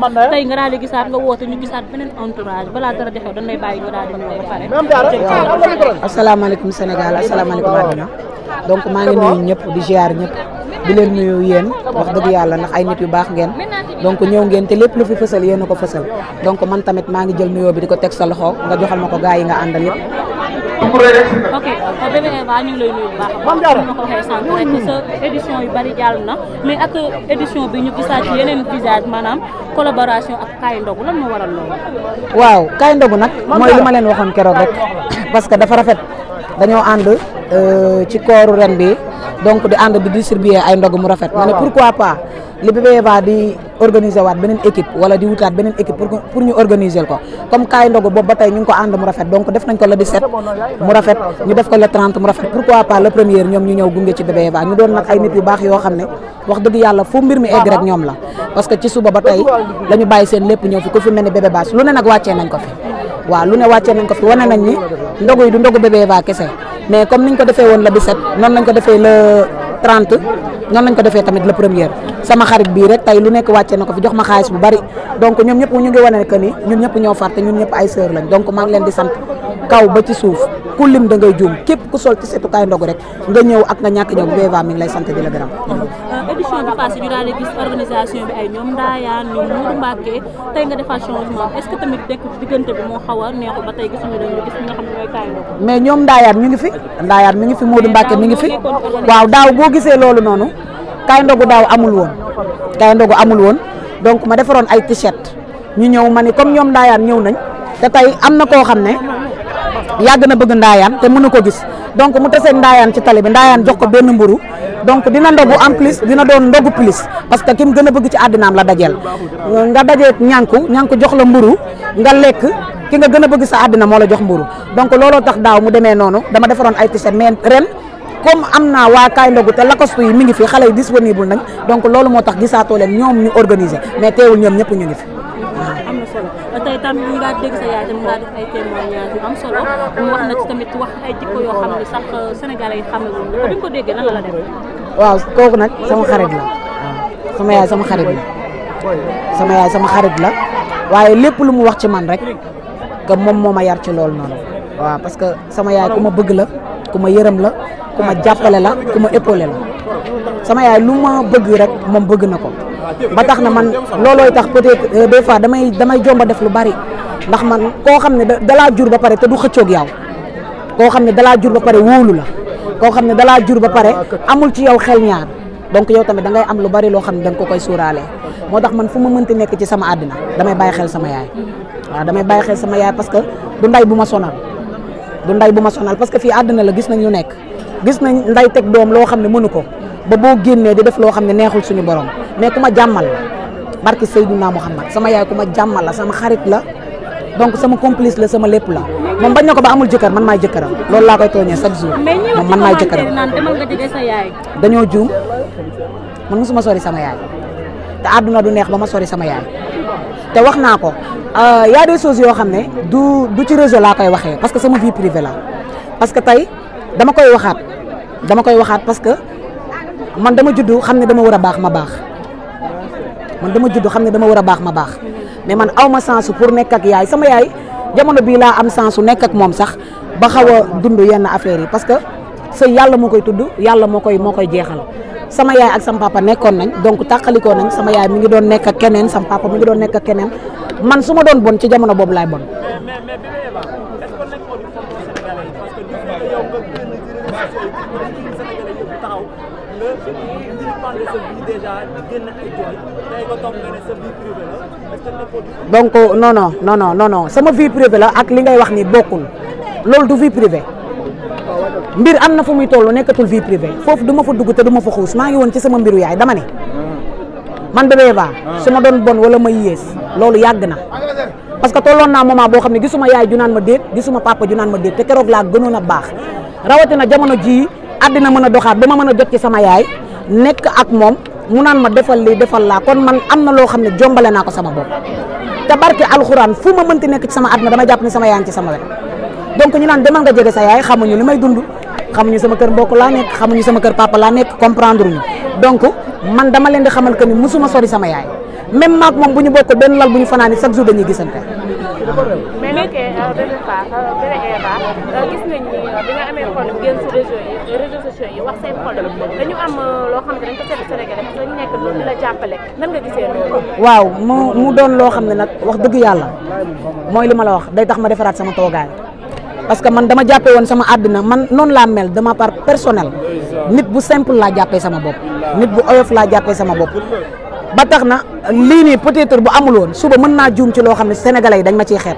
tey nga daal di gisaat nga woote ñu gisaat beneen entourage balaa dara di xew dañ lay bàyyi nga daal waaw asalaamaaleykum ah, donc maa ngi nuyu ñëpp di ziar ñëpp di leen nuyu yéen wax dëgg yàlla ndax ay nit yu baax ngeen. donc ñëw ngeen te lépp lu fi fësal yéen ko fësal donc man tamit maa ngi jël nuyoo bi di ko teg sa loxo nga joxal ma ko gaa yi nga àndal yëpp ok bébé Eva bu édition yu bari jàll na mais ak édition bi ñu visage collaboration ak Kaay Ndogu lan moo waral loolu. waaw Kaay Ndogu nag mooy li leen waxoon keroog rek parce que dafa rafet dañoo ànd euh, ci kooru ren bi donc di ànd di distribuer ay ndogu mu rafet. ma pourquoi pas. li BBEVA di organiser waat beneen équipe wala di wutaat beneen équipe pour pour ñu organiser ko comme kaay ndogu boobu ba tey ñu ngi ko ànd mu rafet donc def nañ ko le 17 mu rafet ñu def ko le 30 mu rafet pourquoi pas le premier ñoom ñu ñëw gunge ci BBEVA ñu doon nag ay nit yu baax yoo xam ne wax dëgg yàlla fu mbir mi egg rek ñoom la parce que ci suba ba tey la ñu bàyyi seen lépp ñëw fi ku fi mel ni bébé baas lu ne nag wàccee nañ ko fi waaw lu ne wàccee nañ ko fi wane nañ ni mais comme niñ ko defee woon le 17 noonu lañ ko defee le 30 noonu lañ defee tamit le premier sama xarit bii rek tey lu nekk wàcce na ko fi jox ma xaalis bu bari donc ñoom ñëpp ñu ngi wane que ni ñu ñëpp ñoo fàtte ñun ñëpp ay sœur lañ donc maa ngi leen di sant ba ci suuf ku da ngay juum képp ku sol ci setukaay ndog rek nga ñëw ak nga ñàkk ñëw Weva mi lay sant di la gërëm. Euh, édition bi passé ñu ñoom Ndaayaan ñoom Mourou Mbacke ngi fi ndaayaat mi ngi fi Mourou Mbacke mi ngi fi waaw daaw boo gisee loolu noonu kaay ndogu daaw amul woon kaay ndogu amul woon donc ma defaroon ay t-shirt ñu ñëw ma ni comme ñoom ndaayaan ñëw nañ te tey am na koo xam ne yàgg na bëgg ndaayaan te mën mënu ko gis donc mu tesee ndaayaan ci tali bi ndaayaan jox ko benn mburu donc dina ndogu en plus dina doon ndogu plus parce que ki mu gën a bëgg ci àddinaam la dajeel nga dajeek ñànku ñànku jox la mburu nga lekk ki nga gën a bëgg sa àddina moo la jox mburu donc looloo tax daaw mu demee noonu dama defaroon ay t-shirt mais comme am naa waa kaay ndogu te lakostu yi mi ngi fii xale yi disponible nañ donc loolu moo tax gisaatoo leen ñoom ñu organiser mais teewul ñoom ñëpp ñu ngi fi. ñu ngi dégg waaw kooku nag sama xarit la sama yaay sama xarit la sama yaay sama xarit la waaye lépp lu mu wax ci man rek que moom moo ma yar ci loolu noonu waaw parce que sama yaay ku ma bëgg la. ku ma yërëm la ku ma jàppale la ku ma épaulé la sama yaay lu ma bëgg rek moom bëgg na ko ba tax na man loolooy tax peut-être euh, des fois damay damay jomba def lu bari ndax man koo xam ne dalaa jur ba pare te du xëccoog yow koo xam ne dalaa jur ba pare wóolu la koo xam ne dalaa jur ba pare amul ci yow xel ñaar donc yow tamit da ngay am lu bari loo xam ne da nga koy suuraalee moo tax man fu ma mënti nekk ci sama àddina damay bàyyi xel sama yaay waaw parce que du nday du nday bu ma sonal parce que fii àddina la gis nañ lu nekk gis nañ nday teg doom loo xam ne mënu ko ba boo génnee di def loo xam ne neexul suñu borom mais ku ma jàmmal la barki Seydina Muhammad sama yaay ku ma jàmmal sama xarit la donc sama complice la sama lépp la moom bañ na ko ba amul jëkkër man maay jëkkëram loolu laa koy tooñee chaque jour moom man maay jëkkëram dañoo juum man ma sori sama yaay te àdduna du neex ba ma sori sama yaay te wax naa ko euh, y a des yoo xam ne du du ci réseau laa koy waxee parce que sama vie privée la parce que tey dama koy waxaat dama koy waxaat parce que man dama juddu xam ne dama war a baax ma baax man dama juddu xam ne dama war a baax ma baax mais man aw ma sensu pour nekk ak yaay sama yaay jamono bi laa am sensu nekk ak moom sax ba xaw a yenn affaire yi parce que sëy yàlla moo koy tudd yàlla moo koy moo koy jeexal sama yaay ak sama papa nekkoon nañ donc tàqalikoo nañ sama yaay mi ngi doon nekk keneen sama papa mi ngi doon nekk keneen man su ma doon bon ci jamono boobu laay bon. donc non non sama vie privée la ak li ngay wax ni bokkul loolu du vie privée. mbir am na fu muy toll nekkatul vie privée foofu du ma fa dugg te du ma fa xuus maa ngi woon ci sama mbiru yaay dama ne man Bébé Eva su ma doon bon wala ma yées loolu yàgg na parce que tolloon naa moment boo xam ne gisuma yaay ju naan ma déet gisuma papa ju naan ma déet te keroog laa gënoon a baax rawatina jamono jii àddina mën a doxaat ba ma mën a jot ci sama yaay nekk ak moom mu naan ma defal lii defal laa kon man am na loo xam ne jombale naa ko sama bopp te barke alxuraan fu ma mënti nekk ci sama àddina dama jàpp ne sama yaay ci sama wet donc naan demal nga jege sa yaay xamuñu li may dund xamuñu sama kër mbokk laa nekk xamuñu sama kër papa laa nekk comprendre ñu donc man dama leen di xamal que ni musuma sori sama yaay même maak moom bu ñu bokkul benn lal bu ñu fanaani chaque jour dañuy gisante. Euh, euh, euh, gis nañ waaw mu mu doon loo xam ne nag wax dëgg yàlla mooy li ma la wax day tax ma defaraat sama toogaay. parce que man dama jàppee woon sama àddina man noon laa mel dama par personnel nit bu simple laa jàppee sama bopp nit bu oyof laa jàppee sama bopp ba tax na lii nii peut bu amul woon suba mën naa juum ci loo xam ne sénégale yi dañ ma ciy xeeb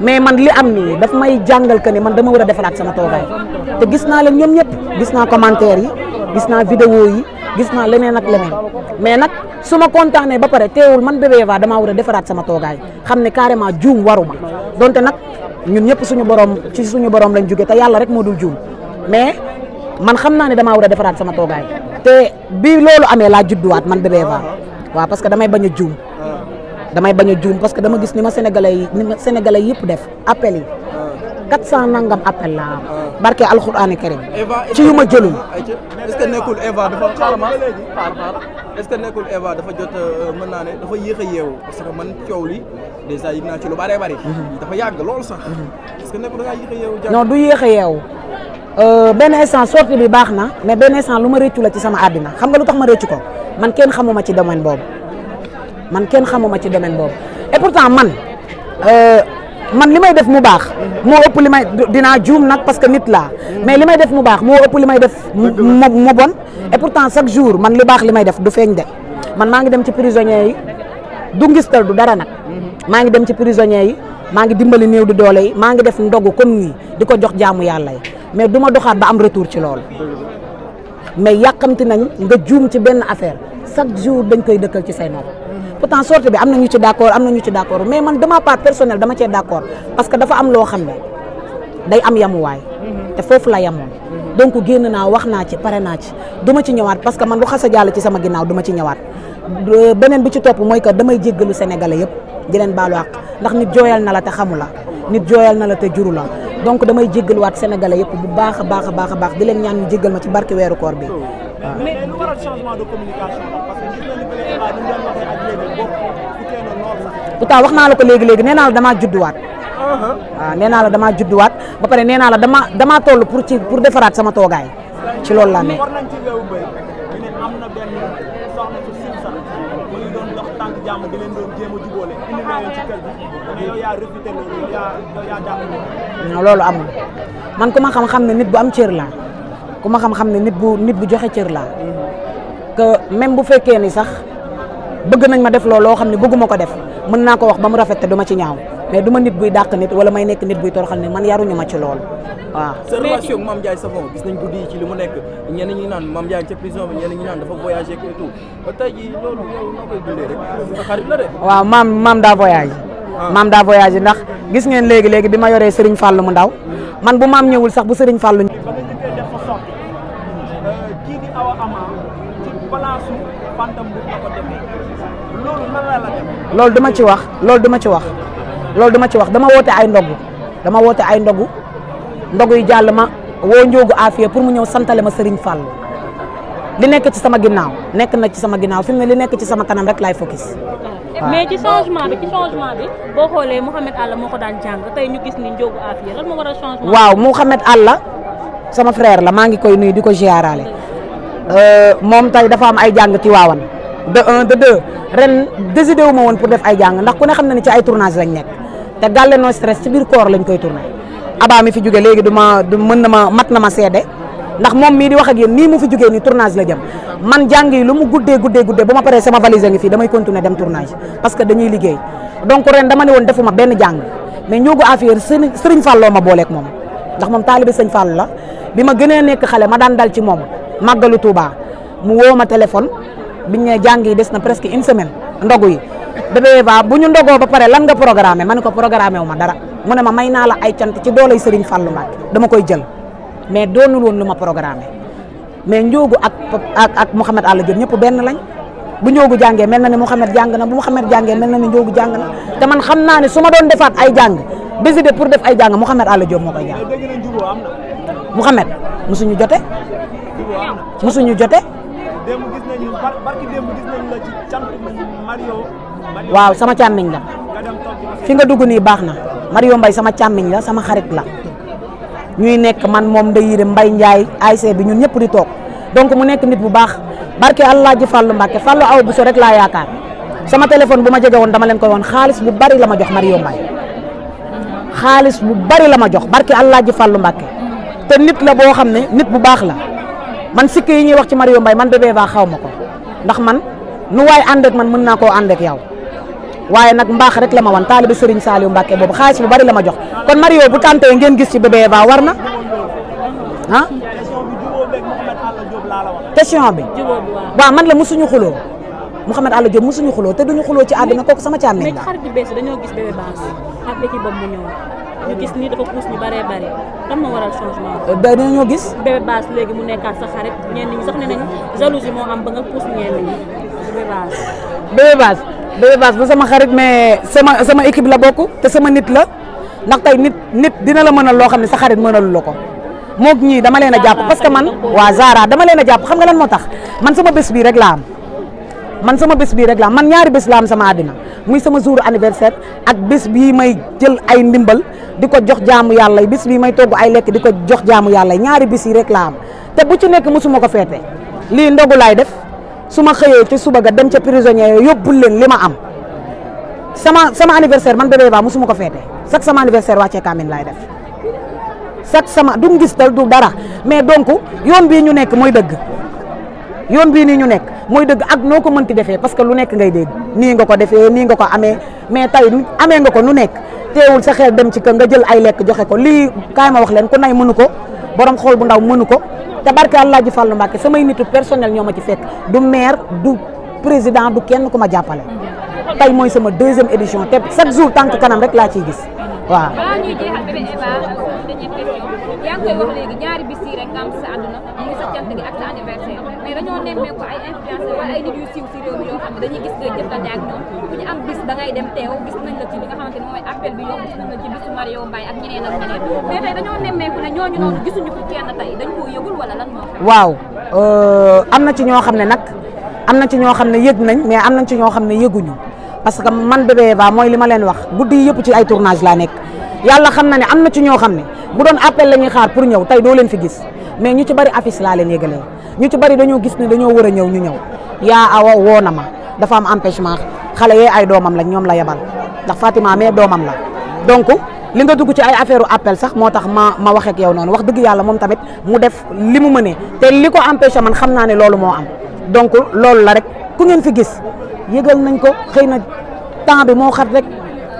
mais man li am nii daf may jàngal ka ni man dama war a defaraat sama toogaay te gis naa leen ñoom ñëpp gis naa commentaire yi gis naa vidéo yi gis naa leneen ak leneen mais nag su ma kontaanee ba pare teewul man Bébé Eva damaa war a defaraat sama toogaay xam ne carrément juum waruma donte nag ñun ñëpp suñu borom ci suñu borom lañ jóge te yàlla rek moo dul juum mais man xam naa ne damaa war a defaraat sama toogaay te bi loolu amee laa judduwaat man Bébé Eva waaw parce que damay bañ a juum damay bañ a juum parce que dama gis ni ma sénégalais yi ni ma yëpp def appel yi 400 nangam appel laa am barke alxuraani karim ci yu ma jëlul. est-ce que nekkul Eva dafa dafa jot euh, mën naa ne dafa yéex a yeewu parce que man coow li dèjà yëg naa ci lu bëree bëri. Mhm. dafa yàgg loolu sax. Mhm. que nekk da ngaa a yeewu. non du yéex a yeewu euh, benn instant bi baax na mais benn instant lu ma rëccu la ci sama àddina xam nga lu tax ma rëccu ko man kenn xamuma ci domaine boobu man kenn xamuma ci domaine boobu et pourtant man euh, man li may def mu baax moo ëpp li may dinaa juum nag parce que nit laa mhm. mais li may def mu baax moo ëpp li may def mu bon et pourtant chaque jour man li baax li may def du feeñ de man maa ngi dem ci prisonniers yi du ngistal du dara nag maa ngi dem ci prisonniers yi maa ngi dimbali néew di doole yi maa ngi def ndogu comme nii di ko jox jaamu yàlla yi mais du doxaat ba am retour ci loolu mais yàkkamti nañ nga juum ci benn affaire chaque jour dañ koy dëkkal ci say nopp pourtant sortie bi am na ñu ci d'accord am na ñu ci d'accord mais man de ma part dama cee d'accord parce que dafa am loo xam day am yamuwaay te foofu la yamoon donc génn naa wax naa ci pare naa ci du ma ci ñëwaat parce que man lu xasa jàll ci sama ginnaaw du ma ci ñëwaat euh, beneen bi ci topp mooy que damay jéggalu sénégalais yëpp di baal baalu àq ndax nit jooyal na la te xamu la nit jooyal na la te juru la donc damay jéggaluwaat sénégalais yëpp bu baax a baax a baax a baax di leen ñaan ñu jéggal ma ci barke weeru koor bi waaw. wax naa la ko léegi léegi nee naa la damaa judduwaat. Uh-huh. waaw nee naa la damaa judduwaat ba pare nee naa la dama damaa toll pour ci pour defaraat sama toogaay. ci loolu laa nekk. loolu amul man ku ma xam-xam ne nit bu am cër laa ku ma xam-xam ne nit bu nit bu joxe cër laa que même bu fekkee ni sax bëgg nañ ma def loolu loo xam ne ma ko def mën naa ko wax ba mu rafet te duma ci ñaaw mais du ma nit buy dàq nit wala may nekk nit buy toroxal ne man yaruñu ma ci loolu waaw. sa relation ak Mame Ndiaye Savon gis nañ guddi yi ci li mu nekk ñenn ñi naan Mame Ndiaye ca prison bi ñenn ñi naan dafa voyagé et tout ba waaw maam maam daa voyagé. maam daa voyagé ndax gis ngeen léegi léegi bi ma yoree Serigne Fallou mu ndaw man bu maam ñëwul sax bu Serigne Fallou. Euh, loolu duma ci wax loolu duma ci wax loolu duma ci wax dama woote ay ndogu dama woote ay ndogu ndogu yi jàll ma woo Ndiogu Afia pour mu ñëw santale ma Serigne Fallou li nekk ci sama ginnaaw nekk na ci sama ginnaaw fi mu ne li nekk ci sama kanam rek laay focus. mais ci changement bi ci boo xoolee Mouhamed Alla tey ñu gis ni waaw Mouhamed Alla sama frère la maa ngi koy nuyu di ko ziaraale euh, moom tey dafa am ay jàng Tiwaawan de un deux ren décidé ma woon pour def ay jàng ndax ku ne xam na ni ci ay tournage lañ nekk te gàlle no stress ci biir koor lañ koy tourné abaa mi fi jóge léegi du du mën na ma mat na ma seede ndax moom mii di wax ak yéen nii mu fi jógee nii tournage la jëm man jàng yi lu mu guddee guddee guddee ba ma paree sama valise ngi fii damay continuer dem tournage parce que dañuy liggéey donc ren dama ne woon defuma benn jàng mais ñoogu affaire sëriñ Falloo ma booleeg moom ndax moom taalibe sëñ Fall la bi ma gënee nekk xale ma daan dal ci moom màggalu Touba mu woo ma téléphone biñ ne jàng yi des na presque une semaine ndogu yi bébé Eva bu ñu ndogoo ba pare lan nga programmé ma ne ko programmé wu ma dara mu ne ma may naa la ay cant ci doolay sëriñ Fallou Mbacke dama koy jël mais doonul woon lu ma programme mais Ndiogou ak ak ak Mouhamed Alla Diop ñëpp benn lañ bu Ndiogou jàngee mel na ne Mouhamed jàng na bu Mouhamed jàngee mel na ne Ndiogou jàng na te man xam naa ne su ma doon defaat ay jàng décidé pour def ay jàng Mouhamed Alla Diop moo koy jàng Mouhamed musuñu jote musuñu jote waaw sama càmmiñ la fi nga dugg nii baax na Mario mbay sama càmmiñ la sama xarit la ñuy nekk man moom Ndeye Yérim Mbaye Ndiaye ASC bi ñun ñëpp di toog donc mu nekk nit bu baax barke allah ji Fallou Mbacke Fallou aw bu so rek laa yaakaar sama téléphone bu ma jege woon dama leen koy woon xaalis bu bari la ma jox Mario Mbaye bu bari la ma jox barke allah ji Fallou Mbacke te nit la boo xam ne nit bu baax la man sikk yi ñuy wax ci Mario mbay man bébé baa xaw ma ko ndax man nu waay ànd man mën naa koo ànd ak yow waaye nag mbaax rek la ma wan taalibe Serigne Saliou Mbacke boobu xaalis bu bari la ma jox kon Mario bu tàntee ngeen gis ci bébé ba war na ah question bi waaw man la musuñu xuloo Mouhamed Alla Diop musuñu xuloo te duñu xuloo ci àdduna kooku sama càmmiñ la mais xarit bu bees dañoo gis bébé baas ak équipe boobu mu ñëw ñu gis ni dafa puus ñu bare bare lan moo waral changement euh, bi. gis. bébé léegi mu nekkaat sa xarit ñenn ñi sax ne nañu jalousie moo am ba nga puus ñenn ñi bébé baas. Bébé Bass du sama xarit mais sama sama équipe la bokk te sama nit la ndax tey nit nit dina la mënal loo xam ne sa xarit mënalu la ko moog ñii dama leen a jàpp parce que man waa Zara dama leen a jàpp xam nga lan moo tax man sama bés bii rek laa am man sama bés bii rek laa am man ñaari bés laa am sama àddina muy sama jour anniversaire ak bés bii may jël ay ndimbal di ko jox jaamu yàlla bés bii may togg ay lekk di ko jox jaamu yàlla ñaari bés yi rek laa am te bu ci nekk mosuma ko feete lii ndogu laay def su ma xëyee ci suba ga dem ca prisonniers yooyu yóbbul leen li ma am sama sama anniversaire man bébé ba suma ko feete chaque sama anniversaire wàccee kaamin laay def chaque sama du ngistal du dara mais donc yoon bii ñu nekk mooy dëgg yoon bii nii ñu nekk mooy dëgg ak noo ko mënti defee parce que lu nekk ngay dégg nii nga ko defee nii nga ko amee mais tey amee nga ko nu nekk teewul sa xel dem ci kër nga jël ay lekk joxe ko lii kaay ma wax leen ku nay mënu ko borom xool bu ndaw mënu ko te barke allah ji fàllu Mbàkke samay nitu personnel ñoo ma ci fekk du maire du président du kenn ku ma jàppale tey mooy sama deuxième édition te chaque jour tànk kanam rek laa ciy gis waaw. nii dañoo nemmeeku ay ci li xam waaw euh, am na ci ñoo xam ne nag am na ci ñoo xam ne yëg nañ mais am na ci ñoo xam ne yëguñu parce que man bébé ba mooy li ma leen wax guddi yëpp ci ay tournage laa nekk yàlla xam na ne am na ci ñoo xam ne bu doon appel la ñuy xaar pour ñëw tey doo leen fi gis mais ñu ci bari affiche laa leen yëgalee ñu ci bari dañoo gis ni dañoo war a ñëw ñu ñëw yaa awa woo na ma dafa am empêchement xale yee ay doomam lañ ñoom la yebal ndax Fatima mais doomam la donc li nga dugg ci ay affaire appel sax moo tax ma ma wax ak yow noonu wax dëgg yàlla moom tamit mu def li mu mënee te li ko empêché man xam naa ne loolu moo am donc loolu la rek ku ngeen fi gis yëgal nañ ko xëy na temps bi moo xat rek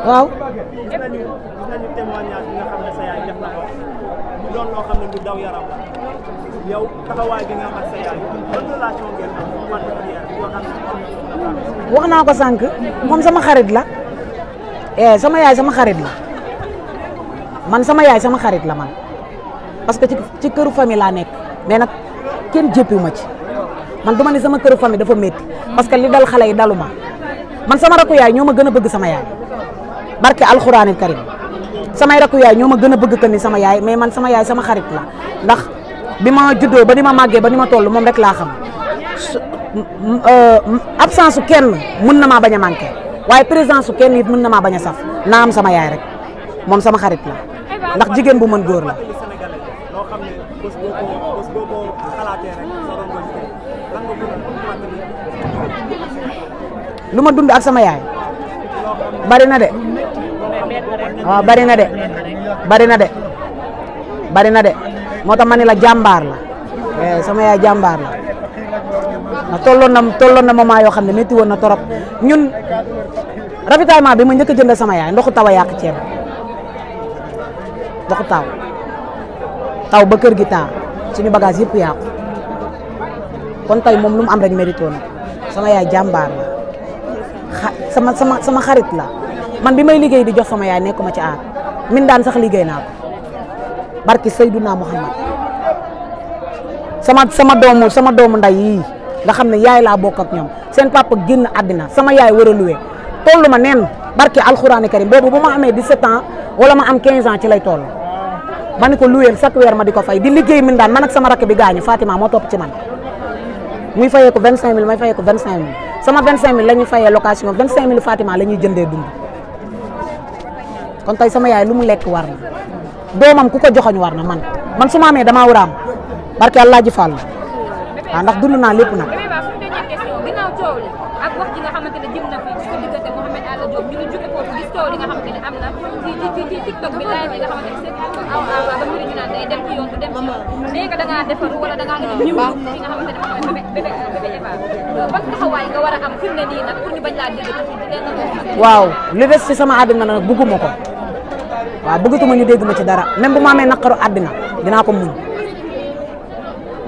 waaw. yow taxawaay bi wax naa ko sànq moom sama xarit la eh sama yaay sama xarit la man sama yaay sama xarit la man parce que ci këru famille laa nekk mais nag kenn jëppiwu ma ci man duma ne sama këru famille dafa métti parce que li dal xale yi dalu ma man sama rakku yaay ñoo ma gën a bëgg sama yaay barke alxuraanil karim samay rakku yaay ñoo ma gën a bëgg que ni sama yaay mais man sama yaay sama xarit la ndax. bi ma juddoo ba ni ma màggee ba ni ma tollu moom rek laa xam euh, absence su kenn mën na maa bañ a manqué waaye présence su kenn it mën na maa bañ saf naa am sama yaay rek moom sama xarit la ndax jigéen bu mën góor la. lu ma dund ak sama yaay bari na de waaw bari na de bari na de bari na de. moo tax ma ne la jàmbaar la eh, sama yaay jàmbaar la ndax tolloon na tolloon na moment yoo xam ne métti woon na torop ñun ravitaillement bi ma njëkk a jëndal sama yaay ndoxu taw a yàq ceeb ndoxu taw taw ba kër gi taa suñu bagage yëpp yàqu kon tey moom lu mu am rek mérité na sama yaay jàmbaar la sama sama sama xarit la man bi may liggéey di jox sama yaay ma ci aar min daan sax liggéey naa ko barki Seydouna Muhammad sama sama doomu sama doomu nday yii nga xam ne yaay laa bokk ak ñoom seen papa génn àddina sama yaay war a luwee tollu ma neen barki alxuraani karim boobu bu ma amee 17 ans wala ma am 15 ans ci lay toll ma ni ko luweel chaque weer ma di ko fay di liggéey min daan man ak sama rakk bi gaañu Fatima moo topp ci man muy fayee ko 25000 may fayee ko 25000 sama 25000 la ñuy fayee location 25000 Fatima la ñuy jëndee dund kon tey sama yaay lu mu lekk war na doomam ku ko joxoñ war na man man su ma amee damaa war a am barke allah ah, ji fàll waaw waaw li des ci sama àddina nag bugguma ko waaw bëggatuma ñu dégg ma ci dara même bu ma amee naqaru àddina dinaa ko muñ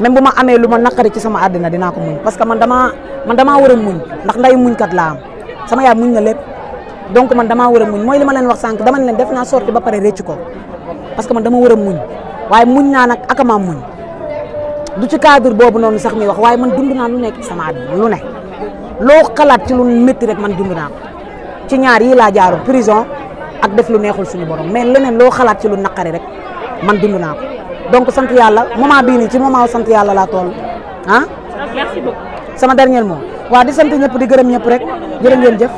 même bu ma amee lu ma naqari ci sama àddina dinaa ko muñ parce que man damaa man damaa war a muñ ndax nday muñkat laa am sama yaay muñ na lépp donc man damaa war a muñ mooy li ma leen wax sànq dama ne leen def naa sorti ba pare réccu ko parce que dama war a muñ waaye muñ naa nag akama muñ du ci cadre boobu noonu sax mi wax waaye man dund naa lu nekk sama àddina lu ne loo xalaat ci lu métti rek man dund naa ko ci ñaar yi laa jaaru prison ak def lu neexul suñu borom mais leneen loo xalaat ci lu naqari rek man dund naa ko donc sant yàlla moment bii nii ci moment sant yàlla laa toll ah. sama dernier moom waa di sant ñëpp di gërëm ñëpp rek jërë ngeen jëf.